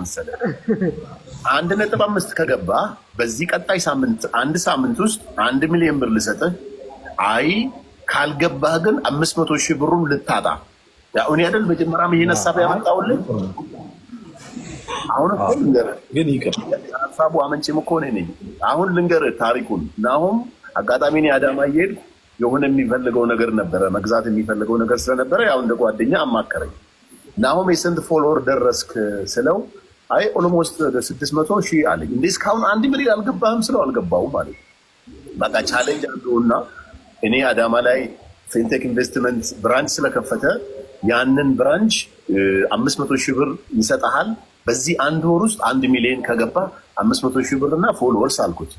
መሰለህ አንድ ነጥብ አምስት ከገባ በዚህ ቀጣይ ሳምንት አንድ ሳምንት ውስጥ አንድ ሚሊዮን ብር ልሰጥህ። አይ ካልገባህ ግን አምስት መቶ ሺህ ብሩን ልታጣ። እኔ አይደል መጀመሪያም ይህን ሀሳብ ያመጣሁልህ። አሁን ግን ይቅር ሀሳቡ አመንጭም እኮ እኔ ነኝ። አሁን ልንገርህ ታሪኩን። ናሁም አጋጣሚ እኔ አዳማ እየሄድኩ የሆነ የሚፈልገው ነገር ነበረ፣ መግዛት የሚፈልገው ነገር ስለነበረ ያው እንደ ጓደኛ አማከረኝ። ናሆም የስንት ፎሎወር ደረስክ ስለው አይ ኦሎሞስት ስድስት መቶ ሺህ አለኝ። እንደ እስካሁን አንድ ሚሊዮን አልገባህም ስለው አልገባውም አለ። በቃ ቻሌንጅ አለው እና እኔ አዳማ ላይ ፊንቴክ ኢንቨስትመንት ብራንች ስለከፈተ ያንን ብራንች አምስት መቶ ሺህ ብር ይሰጠሃል። በዚህ አንድ ወር ውስጥ አንድ ሚሊዮን ከገባ አምስት መቶ ሺህ ብር እና ፎሎወርስ አልኩት።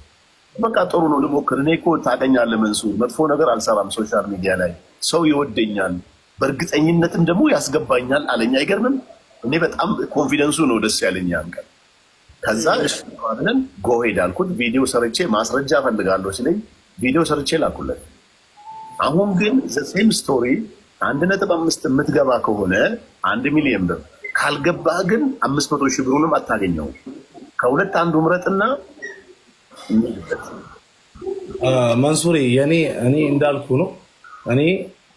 በቃ ጥሩ ነው ልሞክር። እኔ እኮ ታገኛለህ መንሱር፣ መጥፎ ነገር አልሰራም። ሶሻል ሚዲያ ላይ ሰው ይወደኛል በእርግጠኝነትም ደግሞ ያስገባኛል አለኝ። አይገርምም? እኔ በጣም ኮንፊደንሱ ነው ደስ ያለኝ ያን ቀን። ከዛ ብለን ጎሄድ አልኩት። ቪዲዮ ሰርቼ ማስረጃ ፈልጋለሁ ሲለኝ ቪዲዮ ሰርቼ ላኩለት። አሁን ግን ዘሴም ስቶሪ አንድ ነጥብ አምስት የምትገባ ከሆነ አንድ ሚሊዮን ብር ካልገባ ግን አምስት መቶ ሺህ ብሩንም አታገኘው። ከሁለት አንዱ ምረጥና መንሱሬ የኔ እኔ እንዳልኩ ነው እኔ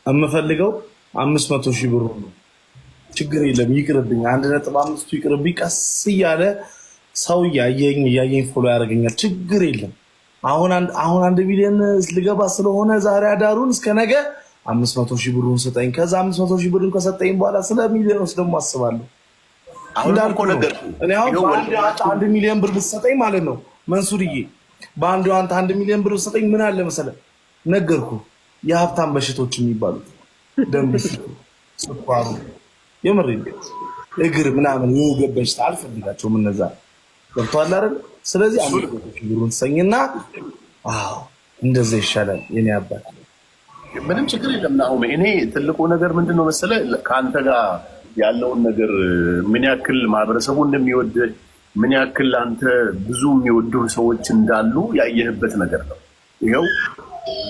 የምፈልገው አምስት መቶ ሺህ ብሩ ነው። ችግር የለም ይቅርብኝ፣ አንድ ነጥብ አምስቱ ይቅርብኝ። ቀስ እያለ ሰው እያየኝ እያየኝ ፎሎ ያደርገኛል። ችግር የለም። አሁን አንድ ሚሊዮን ልገባ ስለሆነ ዛሬ አዳሩን እስከ ነገ አምስት መቶ ሺህ ብሩን ስጠኝ። ከዛ አምስት መቶ ሺህ ብሩን ከሰጠኝ በኋላ ስለ ሚሊዮኖች ደግሞ አስባለሁ። አንድ ሚሊዮን ብር ብትሰጠኝ ማለት ነው መንሱርዬ፣ በአንዱ አንተ አንድ ሚሊዮን ብር ብትሰጠኝ ምን አለ መሰለህ፣ ነገርኩ የሀብታም በሽቶች የሚባሉት ደም ግፊት፣ ስኳሩ የምር እግር ምናምን የገበች አልፈልጋቸውም። እነዛ ገብተዋል አይደል? ስለዚህ አንዱ ብሩን እንደዛ ይሻላል። የኔ አባት ምንም ችግር የለም ናሁም። እኔ ትልቁ ነገር ምንድን ነው መሰለህ ከአንተ ጋር ያለውን ነገር ምን ያክል ማህበረሰቡ እንደሚወድ ምን ያክል አንተ ብዙ የሚወዱ ሰዎች እንዳሉ ያየህበት ነገር ነው ይኸው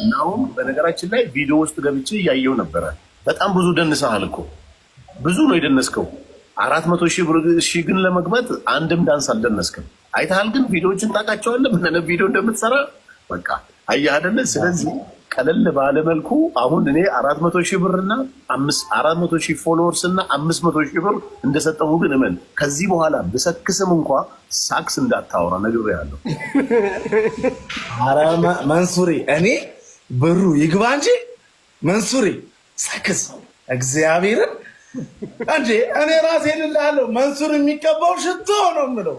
እናውም በነገራችን ላይ ቪዲዮ ውስጥ ገብቼ እያየው ነበረ። በጣም ብዙ ደንሰሃል እኮ ብዙ ነው የደነስከው። አራት መቶ ሺህ ግን ለመግባት አንድም ዳንስ አልደነስክም። አይተሃል ግን ቪዲዮዎችን ታውቃቸዋለህ። ምንነ ቪዲዮ እንደምትሰራ በቃ አየህ አይደለ? ስለዚህ ቀለል ባለ መልኩ አሁን እኔ አራት መቶ ሺህ ብር እና አራት መቶ ሺህ ፎሎወርስ እና አምስት መቶ ሺህ ብር እንደሰጠሁ ግን እመን ከዚህ በኋላ ብሰክስም እንኳ ሳክስ እንዳታወራ ነግሬሃለሁ። ኧረ መንሱሬ እኔ ብሩ ይግባ እንጂ መንሱሬ ሳክስ እግዚአብሔርን እንዴ እኔ ራሴ ልልሃለሁ መንሱር የሚቀባው ሽቶ ነው የምለው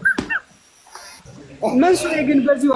መንሱሬ ግን በዚሁ